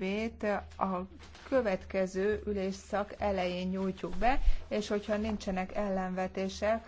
tervét a következő ülésszak elején nyújtjuk be, és hogyha nincsenek ellenvetések,